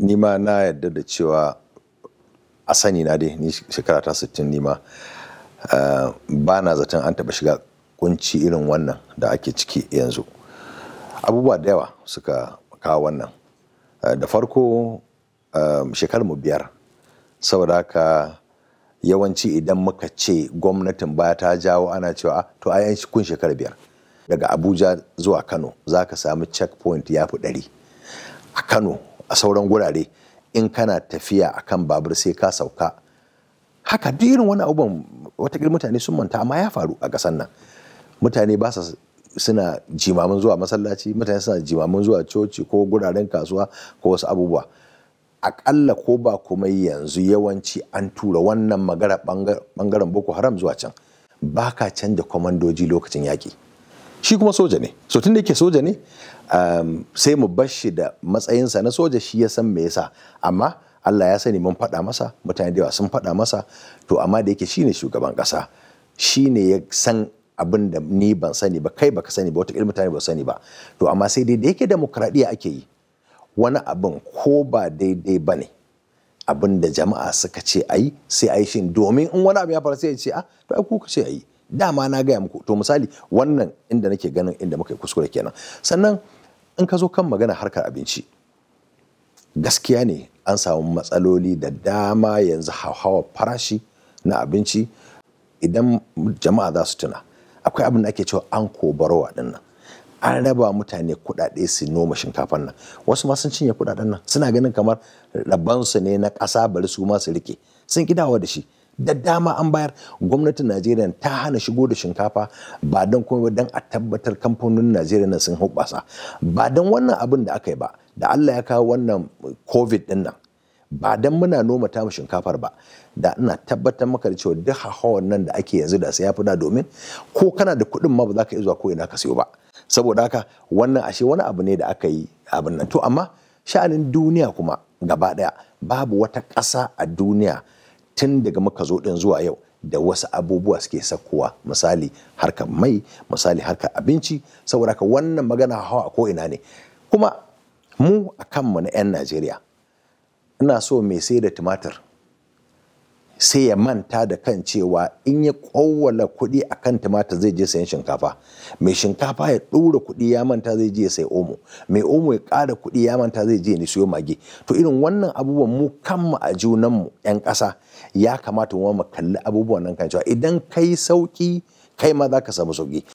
nima na yarda da cewa a sani na dai ni shekara ta 60 ni eh, ba na zaton an taba shiga kunci irin wannan da ake ciki yanzu abubuwa da yawa suka kawo wannan eh, da farko eh, shekarar mu biyar saboda ka yawanci idan muka ce gwamnatin baya ta jawo ana cewa ah, to a yanci kun shekara biyar daga abuja zuwa kano za ka samu checkpoint ya fi ɗari a kano a sauran gurare in kana tafiya a kan babur sai ka sauka haka duk irin wani abubuwan watakila mutane sun manta amma ya faru a ƙasar nan mutane ba su suna jimamin zuwa masallaci mutane suna jimamin zuwa coci ko guraren kasuwa ko wasu abubuwa aƙalla ko ba kuma yanzu yawanci an tura wannan magara bangaren boko haram zuwa can ba ka canja kwamandoji lokacin yaƙi shi kuma soja ne so tun da yake soja ne um, sai mu bar shi da matsayinsa na soja shi ya san me yasa amma Allah ya sani mun faɗa masa mutane da yawa sun faɗa masa to amma da yake shine shugaban ƙasa shine ya san abin da ni ban sani ba kai baka sani ba wata mutane ba sani ba to amma sai dai da yake demokradiya ake yi wani abin ko ba daidai ba ne abin da jama'a suka ce ayi sai a yi domin in wani abu ya faru sai ya ce a ah, to ai ku ka ce a dama na gaya muku to misali wannan inda nake ganin inda muka yi kuskure kenan sannan in ka zo kan magana harkar abinci gaskiya ne an samu matsaloli da dama yanzu hauhawar farashi na abinci idan jama'a za su tuna akwai abin da ake cewa an kobarowa dinnan an raba mutane kuɗaɗe su noma shinkafan nan wasu ma sun cinye kuɗaɗen nan suna ganin kamar rabansu ne na ƙasa bari su ma su rike sun kidawa da shi da dama an bayar gwamnatin najeriya ta hana shigo da shinkafa ba don kuma don a tabbatar kamfanonin najeriya na sun hubasa ba don wannan abin da aka yi ba da allah ya kawo wannan covid din nan ba don muna noma ta mu shinkafar ba da ina tabbatar maka da cewa duk hawan nan da ake yanzu da sai ya fida domin ko kana da kuɗin ma ba za ka iya zuwa ko ina ka sayo ba saboda haka wannan ashe wani abu ne da aka yi abin nan to amma sha'anin duniya kuma gaba ɗaya babu wata ƙasa a duniya tun daga muka zo din zuwa yau da wasu abubuwa suke sakkowa misali harka mai misali harka abinci saboda haka wannan magana hawa ko ina ne kuma mu a kanmu na 'yan najeriya ina so mai sai da tumatir sai ya manta da kan cewa in ya kowala kuɗi a kan tumatir zai je sayan shinkafa mai shinkafa ya ɗora kuɗi ya manta zai je sai omo mai omo ya ƙara kuɗi ya manta zai je ni siyo mage to irin wannan abubuwan mu kanmu a junanmu 'yan ƙasa ya kamata mu kalli abubuwan nan kan cewa idan kai sauƙi kai ma za ka samu sauƙi